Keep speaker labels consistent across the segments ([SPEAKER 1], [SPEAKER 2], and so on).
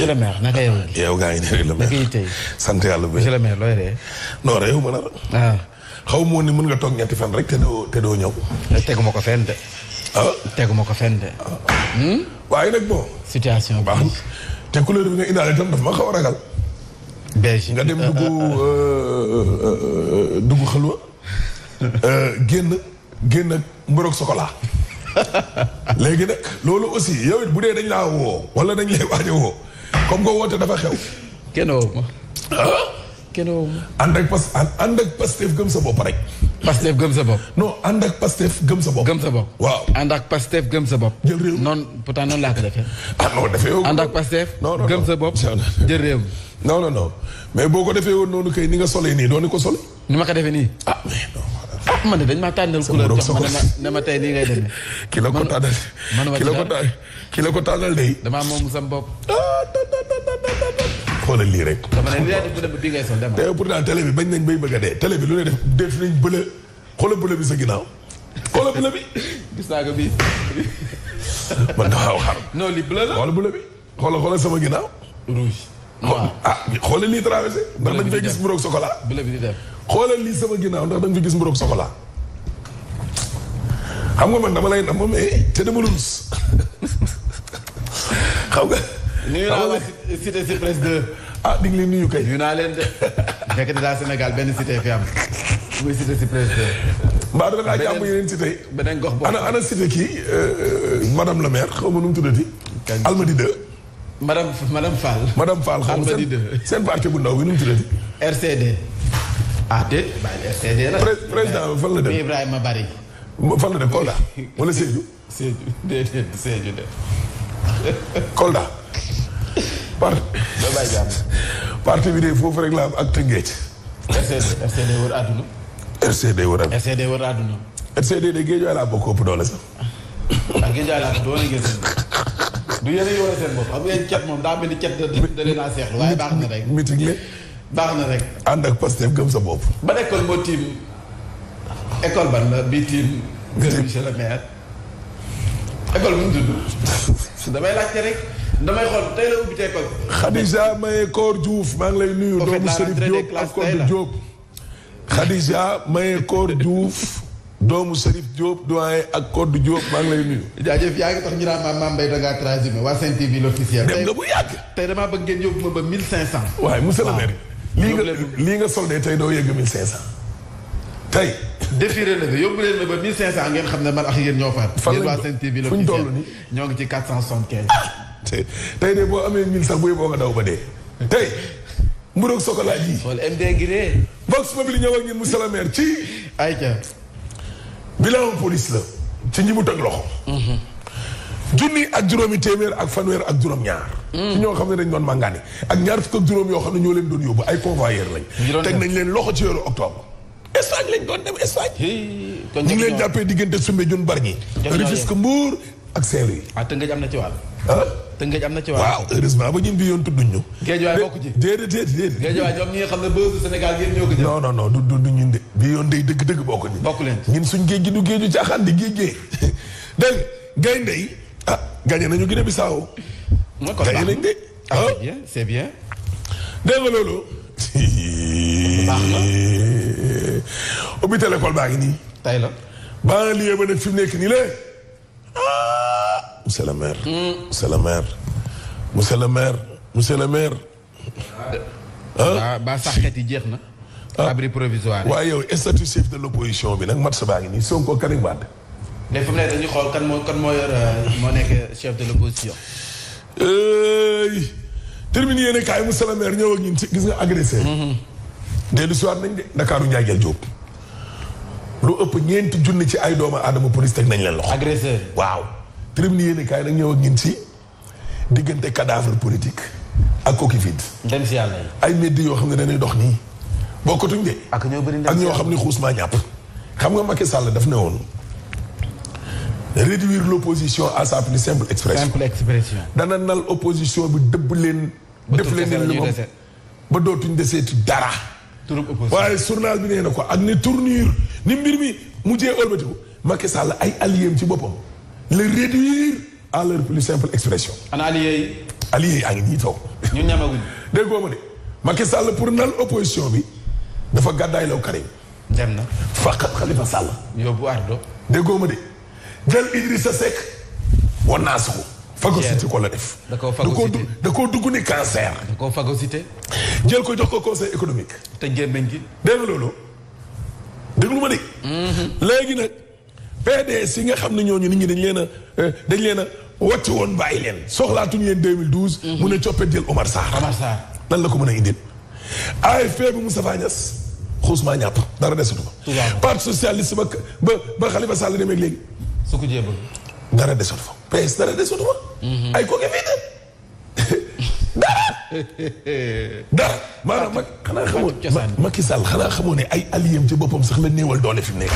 [SPEAKER 1] monsieur le maire naka yow. yow gaa ngi sant yàlla bu monsieur ree. non réew ma dara. Ah. xaw ma ni mën nga toog ñetti fan rek te doo te doo ñëw. tegu ma ko fenn de. Ah. ko fenn de. Hmm? waaye nag bon. situation baax te couleur bi nga indaale itam dafa ma xaw a ragal. beige nga dem dugg euh, euh, euh, dugg xalwa génn génn ak mborog léegi nag loolu aussi yow it bu dee dañ laa woo wala dañ lay waaj woo. comme que woote dafa xew. kenn woo ma. Ah? kenn woo ma. ànd ak pas ànd ak Pastef gëm sa bopp rek. Pastef gëm sa bopp. non ànd ak Pastef gëm sa bopp. gëm sa bopp waaw. ànd ak Pastef gëm sa bopp. jël réew noonu pourtant noonu laa ko defee. ah non defee woon. ànd ak Pastef gëm sa bopp jël réew non non non mais boo ko defee woon noonu kay ni nga solee nii doon ni ko solee. ni ma ko defe nii. ah Ah, man de dañ maa tànnal couleur jox ma ne ma tey nii ngay demee. ki la ko tànnal ki la ko tànnal la ko tànnal de. damaa moom sam bopp. Ah, xoolal lii rek. dama ne lii bi ngay sol dama. te bañ nañ bay bëgg dee télé bi lu ne def def nañ bële xoolal sa ginnaaw xoolal bële bi. gis naa ko bii. man la xoolal bële bi. xoolal xoolal sama ginnaaw. rouge. ah xoolal lii traversé. ndax dañ fay gis mu roog bi di dem. xoolal lii sama ginnaaw ndax da fi gis mburoog soxla xam nga man dama lay namm mais eh, te dama lulus xam nga. nuyu naa la ah, di nga leen naa leen benn cité fi am. muy cité gox boobu ana ana kii euh, euh, madame la xaw ma nu mu tuddati. Almadi 2. madame madame Fall. madame Fall bu ndaw bi nu tuddati. RCD. ah déet fan la dem Ibrahima Bari. fan la dem Kolda wala parti bi de foofu rek la ak Tëngéej. RCD RCD wër àdduna. RCD wër àdduna. RCD wër àdduna. Ah, du yéen a yore seen bopp xam ngeen cet moom daa mel ni cet da da leen a seexlu waaye baax na rek. mitig la. baax na rek. ànd ak Pastef gëm sa bopp. ba école moo tiim école ban la bii tiim. gërëm monsieur le maire. école bu ñu tudd. damay laajte rek damay xool tey la ubbi te école. Khadija Maye Koor Diouf maa ngi lay nuyu. doomu Serif Diop ak Kodou Diop. Khadija Maye Koor Diouf. doomu Serif Diop doyen ak Kodou Diop maa ngi lay nuyu. jaajëf yaa ngi tax ñu naan Mame Mbaye da ngaa transhumé waa Sen TV l'officiel. dem nga bu yàgg. tey damaa bëgg ngeen yóbbu ma ba mille cinq cent. waaye mu le lii nga lii nga soldé tey doo yegg 1500. tey. défiré la fi yóbbu leen ma ba a ngeen xam ne man ak yéen ñoo faat. fan la ñu TV la fu ñu toll nii ñoo ngi ci 475. Ah! tey tey de boo amee 1000 sax bu yóbboo nga daw ba dee. tey mburu ak sokola ji. wala MD Guinée. Vox Populi ñëw ak ñun monsieur le maire ci. ay ayca. bilan police la. ci ñi mu teg loxo. Mhm. junni ak juróomi téeméer ak fanweer ak juróom-ñaar. Mm. ci ñoo xam ne dañ doon màngaani ak ñaar fukk ak juróom yoo xam ne ñoo leen doon yóbbu ay convoyeur lañ. teg nañ leen loxo ci weeru octobre. Espagne lañ doon dem Espagne. ñu ngi leen jàppee diggante Soumbédioune Bargny. Rufisque Mbour ak Saint-Louis. ah Tëngéej am na ci wàll. ah Tëngéej am na ci wàll. waaw ba ñun bi yoon tudduñ ñu. Géejawaay bokk ci déedéet déedéet. Géejawaay ñoom ñi nga xam ne bës Sénégal yéen ñoo ko jël. non non du du ñun de yoon day dëgg dëgg bokk ñu. bokk leen ñun suñ géej gi du géeju caaxaan di géej géej gaynde yi gagné nañu Guinée Bissau. mooy kon gagné nañ de. ah c' est ah. bien dégg nga loolu. baax na. ubbi télécole baa ngi nii. tay la. ba nag fi mu nekk nii la. ah. monsieur le maire. Hmm. monsieur le maire. monsieur le maire. monsieur le maire. ah, ah. ba sax xeet yi jeex na. Ah. abri provisoire. waaye yow statut chef de l' opposition bi nag mat sa baa ngi nii Sonko Karim Wade léegi fi mu nekk moo kan moo euh, moo nekk chef de l'opposition. terminé yéen a kaay Moussa Lamère ñëw ak ñun ci gis nga agressé. Mhm. dellu si waat nañ de Ndakaaru Njaageel Diop. lu ëpp ñeenti junni ci ay doomu aadama police teg nañ leen lox agressé waaw. terminé yéen kaay nag ñëw ak ñun ci diggante cadavre politique ak coquille vide. dem si yàlla ay meddi yoo xam ne dañuy dox nii bokkatuñ de. ak ñoo bëri ñoo xam ne xuus maa ñàpp. xam nga Macky Sall daf ne woon. réduire l'opposition à sa plus simple expression. simple expression. dana nal opposition bi dëbb leen. def leen li moom ba dootuñ deseeti dara. waaye journal bi nee na ko ak ne tournure ni mbir mi mujjee ëlbatiku Macky Sall ay alliés ci boppam le réduire à leur plus simple expression. ana alliés yi. alliés yi a ngi nii toog. déggoo ma de Macky Sall pour nal opposition bi dafa gàddaay law Karim. dem na. fàq Khalifa Sall. yóbbu Ardo. déggoo ma de. jël Idrissa Seck wanaas ko phagocyté ko la def da koo da koo dugg ni cancer da koo phagocyté jël ko jox ko conseil économique te gémmiñ gi dégg loolu déglu ma de mhm. léegi nag PDS si nga xam ne ñooñu nit ñi dañ leen a eh, dañ leen a wàccu woon bàyyi leen soxlaatuñu leen 2012 mhm. mu ne coppet jël Omar Sarr Omar Sarr lan la ko mën a indil AFP bu Moustapha Niass xuus maa ñàpp dara desatu ma parti socialiste ba ba ba Sall demee léegi su ko jee bëgg. dara desut fa dara desut mhm. ay ko ngeen dara. dara ma xanaa xamoon ki sal xanaa xamoon ay alliés ci boppam sax la néewal doole fi mu nekk.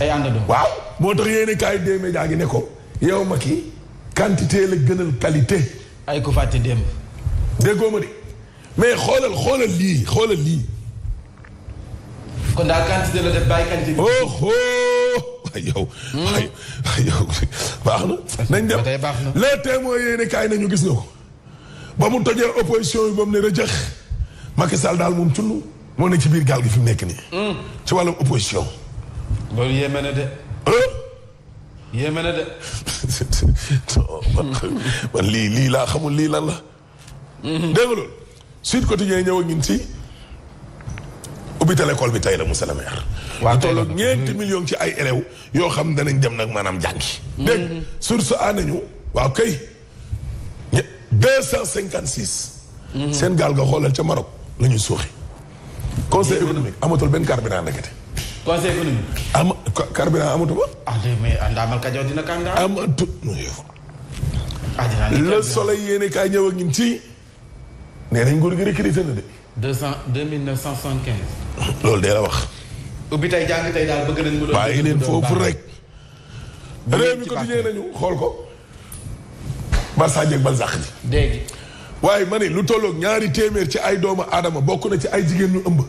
[SPEAKER 1] ay àndandoo waaw. moo tax yéen kaay dee média gi ne ko yow Macky quantité la gënal qualité. ay ko fàtte démb. déggoo ma de mais xoolal lii xoolal lii. kon daal quantité la def bàyyi quantité. oh, oh. yow. Hmm? ay baax na. nañ dem les témoins yéen kaay nañu gis nga ko. ba mu tojee opposition yi ba mu ne rëjëx Macky Sall daal moom tunu moo ne ci biir gaal gi fi mu nekk nii. Hmm? ci wàllum opposition. loolu yéeme na de. yéeme na lii lii laa xamul lii lan la. Hmm. dégg nga loolu. Sud Quotidien ñëw ak ñun ci. ubbital kol bi tey la monsieur le maire. waaw tey la lu ñeenti millions ci ay élèves yoo xam ne danañ dem nag maanaam jàngi. dégg mm-hmm. source a ah, nañu waaw kay deux cent cinquante mm-hmm. seen gaal nga xoolal ca Maroc la ñuy suuxi conseil économique amatul benn carburant ndekete. conseil économique. ama carburant amatu ba. ah mais Ndamal Kajoor dina kànga. amatu ah, le soleil yéene kaay ñëw ak ci. nee nañ nguur gi recruté de. deux cent deux mille neuf loolu de la wax. ubbi tey jàng tey daal bëgg nañ mu doon bàyyi leen foofu rek. réew mi continué nañu xool ko. Barça ak Barzak ji. dégg waaye ma ne lu tollook ñaari téeméer ci ay doomu aadama bokk na ci ay jigéen ñu ëmb.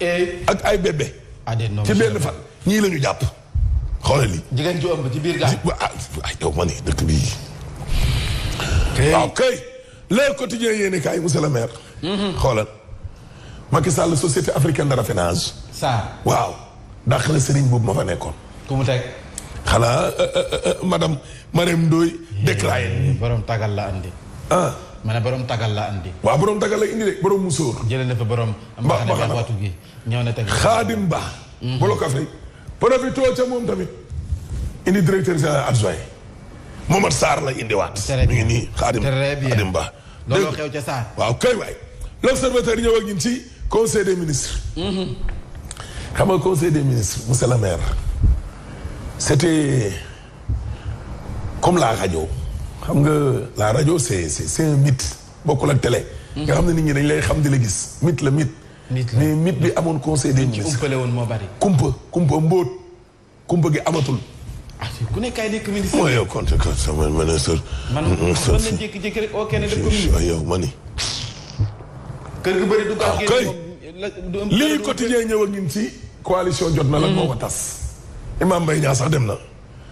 [SPEAKER 1] Eh. ak ay bébé. Ah, ci benn fan ñii la jàpp. xoolal lii jigéen ju ëmb ci biir gaal ah, ay yow ma dëkk bii. waaw kay. Ah, les quotidiens yéen kaay monsieur mm-hmm. xoolal. Macky Sall société africaine de raffinage. saa waaw. dàq na sëriñ boobu ma fa nekkoon. ku mu teg. xanaa euh, euh, euh, madame Marème Ndoye. déclaré borom tagal la andi. Ah. ma ne borom tagal la andi. waaw borom tagal la indi de borom musóor. jëlee na fa borom. mba mba xanaa waxtu gi ba. Mhm. bolok Afrique. profitoo ca moom tamit. indi directeur général adjoint. Momar Sarr la indiwaat. très bien xaadim ba. looloo xew ca Sarr. waaw kay waay. l'observateur ñëw ak ci. conseil des ministres. xam nga conseil des ministres monsieur le maire. c'était comme la rajo. xam nga la rajo c'est c'est un mythe bokkul ak nga xam ne nit ñi dañ lay xam di la gis mythe la mythe. mythe la mais mythe bi amoon conseil des ministres. kumpale woon moo bari. kumpa kumpa mbóot kumpa gi amatul. ah ku ne kay yow compte que man yow ma ni. kër gi bëri du gaaw ah, génn lii quotidien ñëw a ci coalition jot na la mm-hmm. moo ko tas Imam Mbaye Niang sax dem na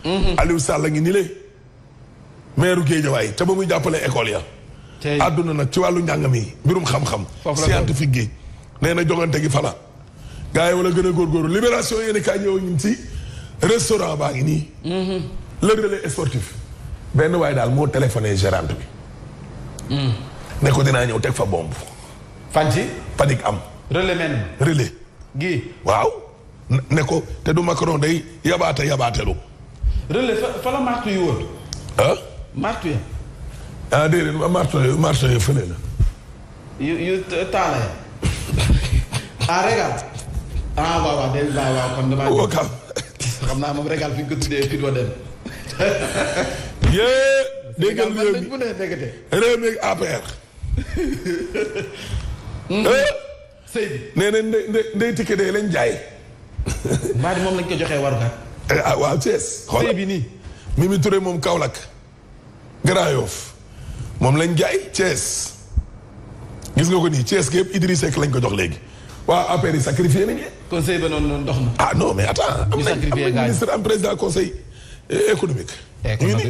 [SPEAKER 1] mm-hmm. Aliou Sall ngi ni le maire Guédiawaye te ba muy jàppale école ya àdduna nag ci wàllu njàng mi mbirum xam-xam scientifique gi nee na jogante gi fala gaa yi wala gën a góorgóorlu libération yéen kaay ñëw ñun ci restaurant baa ngi nii mm-hmm. le relais benn waaye daal moo téléphoné gérante bi mm. ne dinaa ñëw teg fa bomb fan ci panique am. relais men relais. gi waaw. ne ko te du Macron day yabaate yabaatelu. relais fa la martu yi woon. ah. martu yi. ah déedéet martu martu yi fële la. yu yu taala ah régal. ah waaw waaw déedéet waaw waaw kon damaa. woo kam. xam naa moom régal fi ñu ko tuddee fi doo dem. yee. dégg nga réew mi réew mi APR. Hmm? Eh? sëy bi nee na ndey ndey lañ jaay. mbaa moom lañ ko joxee war na eh, ah, waaw Thiès. xoolal sëy bi nii. Mimi Touré moom Kaolack. Grand Yoff moom lañ jaay Thiès. gis nga ko nii Thiès gépp Idriss Seck lañ ko jox léegi. waa affaire yi sacrifié nañu. conseil noonu dox na. ah non mais attends. ñu sacrifié am ministre am président conseil eh, économique. ñu ngi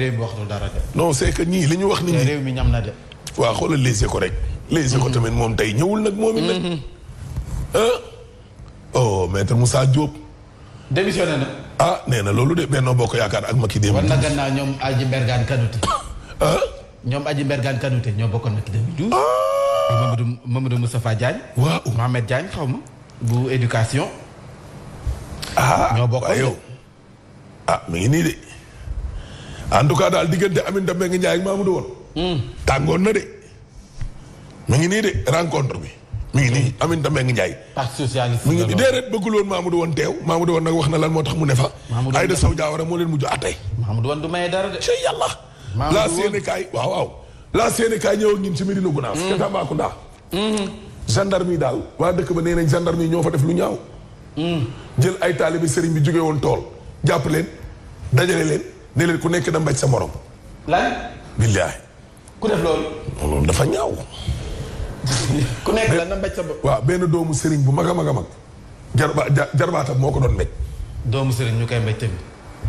[SPEAKER 1] réew mi wax dara de. non c'est li ñu wax. nit réew mi ñam na de. waa xoolal léegi ko rek. les échos mhm. tamit moom tey ñëwul nag moom it nag. Mhm. ah oh maître Moussa Diop. Ah, na. loolu de Benno Bokk Yaakaar ak Macky Deme. war na gannaaw ñoom Aji Mbergane Kanouté. Ah. ñoom Aji Mbergane Kanouté ñoo bokkoon Macky 2012. ah Mamadou Mamadou Moustapha Diagne. waaw ah, yow. ah mi ngi nii en tout cas daal diggante Aminata ak Mamadou woon. Hmm. tàngoon na de. mu ngi nii de rencontre bi. mu ngi nii Aminata Mbengue Ndiaye. parti socialiste mi ngi nii déedéet bëggul woon Mamadou woon teew Mamadou woon nag wax na lan moo tax mu ne fa. Mamadou Ayda Sow a moo leen mujj àttee. Mamadou woon du may dara de. cey yàlla. la Sénégal waaw waaw. la Sénégal ñëw ak ñun ci Medina Gounass. te mm. Tambacounda. Mm-hmm. gendarme yi daal waa dëkk ba nee nañ gendarme yi ñoo fa def lu ñaaw. Mm. jël ay taalibe sëriñ bi jógee woon tool jàpp leen dajale leen ne leen ku nekk da mbaj sa morom. lan. billaahi. ku def loolu. loolu dafa ku nekk la na mbéj sa bopp. waaw benn doomu Serigne bu mag a mag a mag jarba jarbaatam moo ko doon mbéj. doomu Serigne ñu koy mbéj tamit.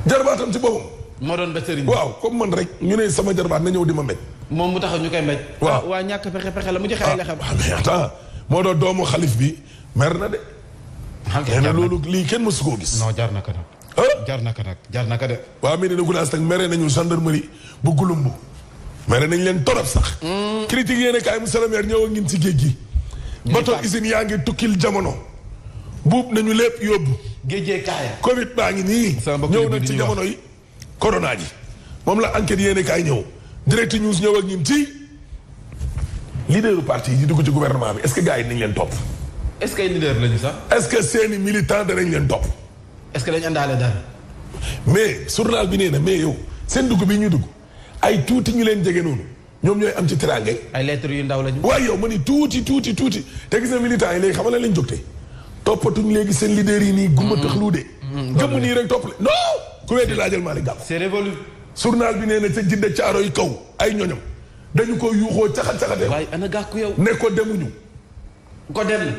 [SPEAKER 1] jarbaatam ci boppam. moo doon mbéj Serigne. waaw comme man rek ñu ne sama jarbaat na ñëw di ma mbéj. moom mu taxaw ñu koy mbéj. waaw ah, waa ñàkk pexe pexe la mu joxe ay lexam. ah mais attends moo doon doomu xalif bi mer na de. xam ah, na loolu lii kenn mësu koo gis. non jar na ko nag. Ah? jar naka nag jar naka de. waa Médina Gounass nag mere nañu gendarmerie bu gulumbu mere nañ leen torop sax. Hmm. critique yéen kaay monsieur le maire ñëw a ngin si géej gi bato usine yaa ngi tukkil jamono buub nañu lépp yóbbu géejee kaaya covid baa ngi nii ñëw nag ci jamono yi corona ji moom la enquête yéen kaay ñëw direct news ñëw ak ñun ci leaderu parti yi dugg ci gouvernement bi est-ce que gars yi nañ leen topp est-ce que sax est-ce que seeni militant danañ leen topp est-ce que dañ àndaale dara mais journal bi nee na mais yow seen dugg bi ñu dugg ay tuuti ñu leen jege noonu ñoom ñooy am ci teraange. ay lettres yu ndaw lañu. waaye yow ma ni tuuti tuuti tuuti te gis na militant yi léegi xamal lañ jóg tey toppatuñ léegi seen leader yi nii. gumba mm-hmm. lu de. Mm-hmm. gëmm nii rek toppale non. ku wéddi laajal Malick Gakou. c'est révolu. journal bi nee na ca jidda caaro yi kaw ay ñoñam dañu ko yuuxoo caxat caxatee. waaye ana Gakou yow. ne ko demuñu. ko dem.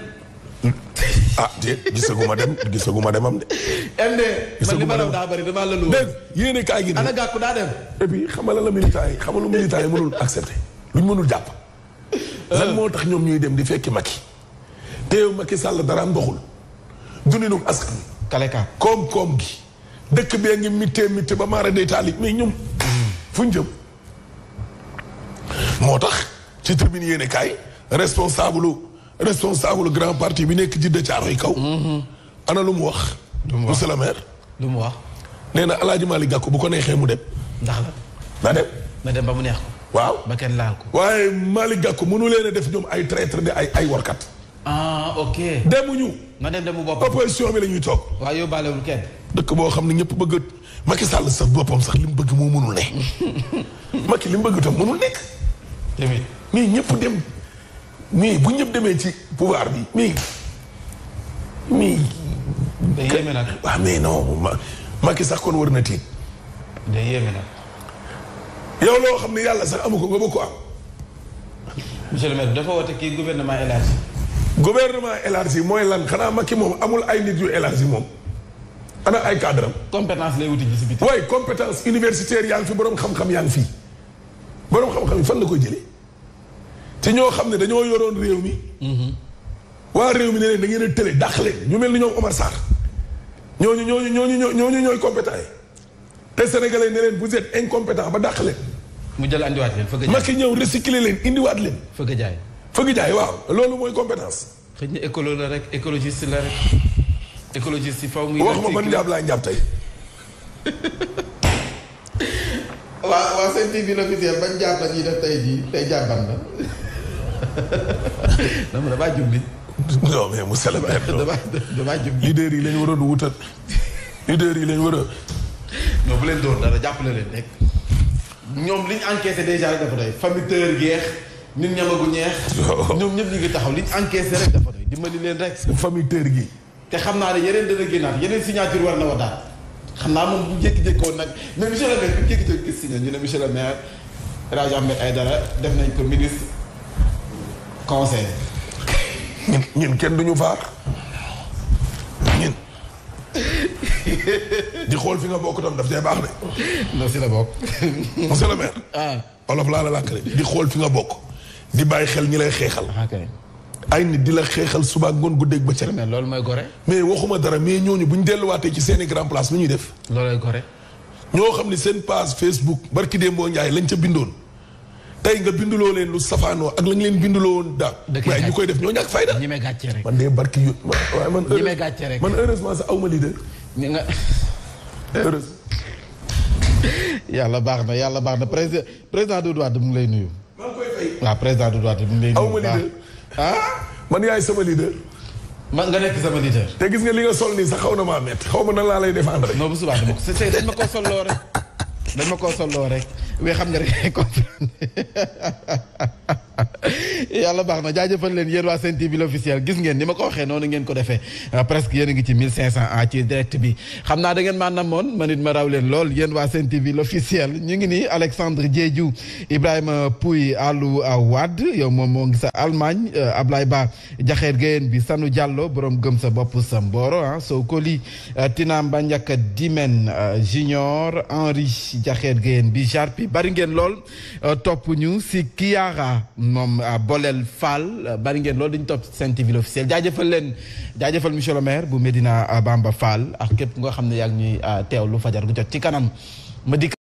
[SPEAKER 1] ah déet gisaguma dem gisaguma demam de. MD man li ma doon daa bëri damaa la lu. dégg yéene kaay gi. ana gàkku daa dem. et puis xamala la militant yi xamalu militant yi mënul accepter luñ mënul jàpp. Euh. lan moo tax ñoom ñuy dem di fekki Macky. teew Macky Sall daraam doxul. dundinu askan wi. kaleka koom-koom gi. dëkk bee ngi mittee mittee ba maara day taali mais ñoom. fu ñu jëm. moo tax ci tribune yéene kaay responsable. responsable grand parti bi nekk jidda caaroy kaw. ana lu mu wax. lu mu wax monsieur le maire. lu mu wax. nee na El Hadj Malick Gakou bu ko neexee mu dem. ndax la. na dem. na dem ba mu neex ko. waaw ba kenn laal ko. waaye Malick Gakou mënu leen a def ñoom ay traître di ay ay warkat. ah ok. demuñu. na dem demu boppam opposition bi la ñuy toog. waaw yóbbaalewul kenn. dëkk boo xam ne ñëpp bëgg a. Sall sax boppam sax li mu bëgg moo mënul ne. Macky li mu bëgg tam mënul nekk. tamit nii ñëpp dem. mais bu ñëpp demee ci pouvoir mii mii mais. day yéeme nag. ah mais non ma Macky sax kon war na tiit. day yéeme nag. yow loo xam ne yàlla sax amu ko nga bëgg ko am. monsieur le maire dafa woote kii gouvernement élargi. gouvernement élargi mooy lan xanaa Macky moom amul ay nit yu élargi moom. ana ay cadre am. compétence lay wuti ci biti. waaye compétence universitaire yaa ngi fi borom xam-xam yaa ngi fi borom xam-xam yi fan la koy jëlee. ci ñoo xam ne dañoo yoroon réew mi. waa réew mi ne leen da ngeen a tële dàq leen ñu mel ni ñoom Omar Sarr ñooñu ñooñu ñooñu ñooñu ñooy compétent yi te sénégalais ne leen vous êtes incompétent ba dàq leen. mu jël andiwaat leen fëgg jaay Macky ñëw recycler leen indiwaat leen. fëgg jaay fëgg jaay waaw loolu mooy compétence. xëy na écolo la rek écologiste la rek écologiste yi faw muy. wax ma man njaab laa njaab tey. waa waa seen TV officiel ban njaab la ñuy def tey jii tey jàppan non mais damaa jubli. non mais Moussa la maire. damaa damaa jubli. leader yi lañ war a wutal. leader yi lañ war a. bu leen doon dara jàppale leen rek. ñoom liñ encaissé déjà rek dafa doy famille tër geex nit ñamagu ñeex. Oh. ñoom ñëpp ñu ngi taxaw liñ encaissé rek dafa doy dimbali leen rek. famille tër gi. te xam naa ne yeneen dana génnaat yeneen signature war na wa daal xam naa moom bu jékki-jékkoon nag mais monsieur le maire bu jékki-jékki gis def nañ ko ministre. conseil. ñun ñun kenn duñu vaar ñun. di xool fi nga bokk tam daf cee baax de. non si la bokk. monsieur le maire. ah olof laa la làkkale di xool fi nga bokk. di bàyyi xel ñi lay xeexal. Ah, ay nit di la xeexal suba ngoon guddeeg bëccëg. mais loolu mooy gore. mais waxuma dara mais ñooñu bu ñu delluwaatee ci seen i grand place lu ñuy def. loolooy gore. ñoo xam ni seen page Facebook barki Dembo Ndiaye lañ ca bindoon. tey nga binduloo leen lu safaanoo ak la nga leen binduloo woon daaw. waaye ñu koy def ñoo ñàkk fayda. ñi may gàcce rek man de barki yu waaye man. ñi may gàcce rek man heureusement sax aw ma leader. ñu nga. heureusement. baax na yàlla baax na président président Doudou Wade mu ngi lay nuyu. maa ngi koy fay. waaw président Doudou ma leader ah. man yaay sama leader. man nga nekk sama leader. te gis nga li nga sol nii sax xaw na maa métti xaw ma nan laa lay défendre. non bu subaa dama ko dañ ma koo solloo rek dañ ma koo solloo rek. mais xam nga rek comprendre yàlla baax na jaajëfal leen yéen waa Sen TV l'officiel gis ngeen ni ma ko waxee noonu ngeen ko defee euh, presque yéen a ngi ci direct bi xam naa da ngeen maa namoon man ma raw leen lool yéen waa Sen TV ñu ngi nii Alexandre Diédhiou Ibrahima Pouy Alou Wade yow moom moo ngi sa Allemagne euh, Ablaye Ba Jaxeer Gayen bi Sanu Diallo boroom gëm sa bopp sa mbooro ah soo koli euh, Tinam Banjaka Dimen Junior Henri Jaxeer Gayen bi Jarpi bari ngeen lool topp ñu si moom euh, Bolel Fall bari ngeen loolu dañu topp Sen TV l'officiel jaajëfal leen jaajëfal monsieur le maire bu Medina Bamba Fall ak képp nga xam ne yaa ngi ñuy euh, teewlu fajar gu jot ci kanam ma dikk